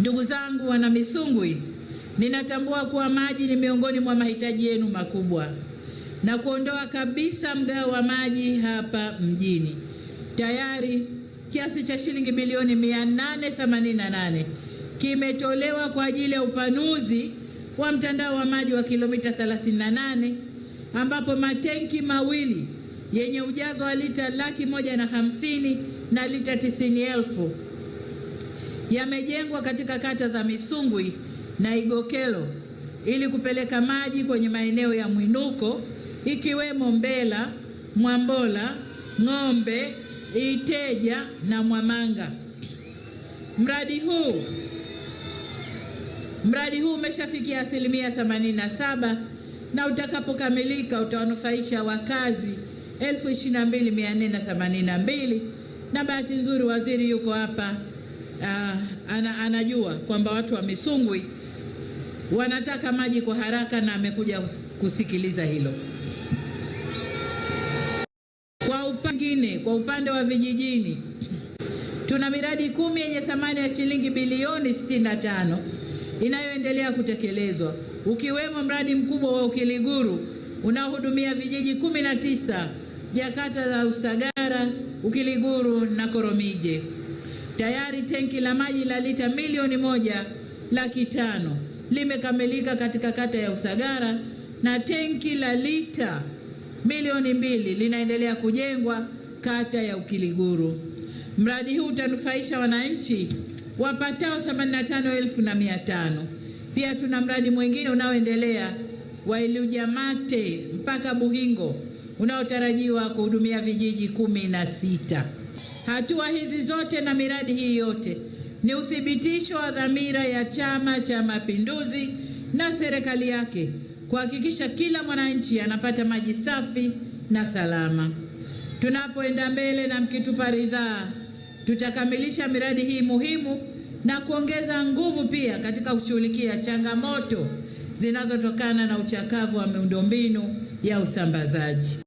Ndugu zangu wana Misungwi, ninatambua kuwa maji ni miongoni mwa mahitaji yenu makubwa, na kuondoa kabisa mgao wa maji hapa mjini tayari kiasi cha shilingi bilioni 888 kimetolewa kwa ajili ya upanuzi wa mtandao wa maji wa kilomita 38 ambapo matenki mawili yenye ujazo wa lita laki moja na hamsini na lita tisini elfu yamejengwa katika kata za Misungwi na Igokelo ili kupeleka maji kwenye maeneo ya mwinuko ikiwemo Mbela, Mwambola, Ng'ombe, Iteja na Mwamanga. Mradi huu mradi huu umeshafikia asilimia 87 na utakapokamilika utawanufaisha wakazi 22,482 na bahati nzuri waziri yuko hapa uh, ana, anajua kwamba watu wa Misungwi wanataka maji kwa haraka na amekuja kusikiliza hilo. Kwa upande kwa upande wa vijijini tuna miradi kumi yenye thamani ya shilingi bilioni 65 inayoendelea kutekelezwa ukiwemo mradi mkubwa wa Ukiliguru unaohudumia vijiji kumi na tisa vya kata za Usagara, Ukiliguru na Koromije. Tayari tenki la maji la lita milioni moja laki tano limekamilika katika kata ya Usagara na tenki la lita milioni mbili linaendelea kujengwa kata ya Ukiliguru. Mradi huu utanufaisha wananchi wapatao 85,500. Pia tuna mradi mwingine unaoendelea wa Ilujamate mpaka Buhingo unaotarajiwa kuhudumia vijiji kumi na sita. Hatua hizi zote na miradi hii yote ni uthibitisho wa dhamira ya Chama cha Mapinduzi na serikali yake kuhakikisha kila mwananchi anapata maji safi na salama. Tunapoenda mbele na mkitupa ridhaa, tutakamilisha miradi hii muhimu na kuongeza nguvu pia katika kushughulikia changamoto zinazotokana na uchakavu wa miundombinu ya usambazaji.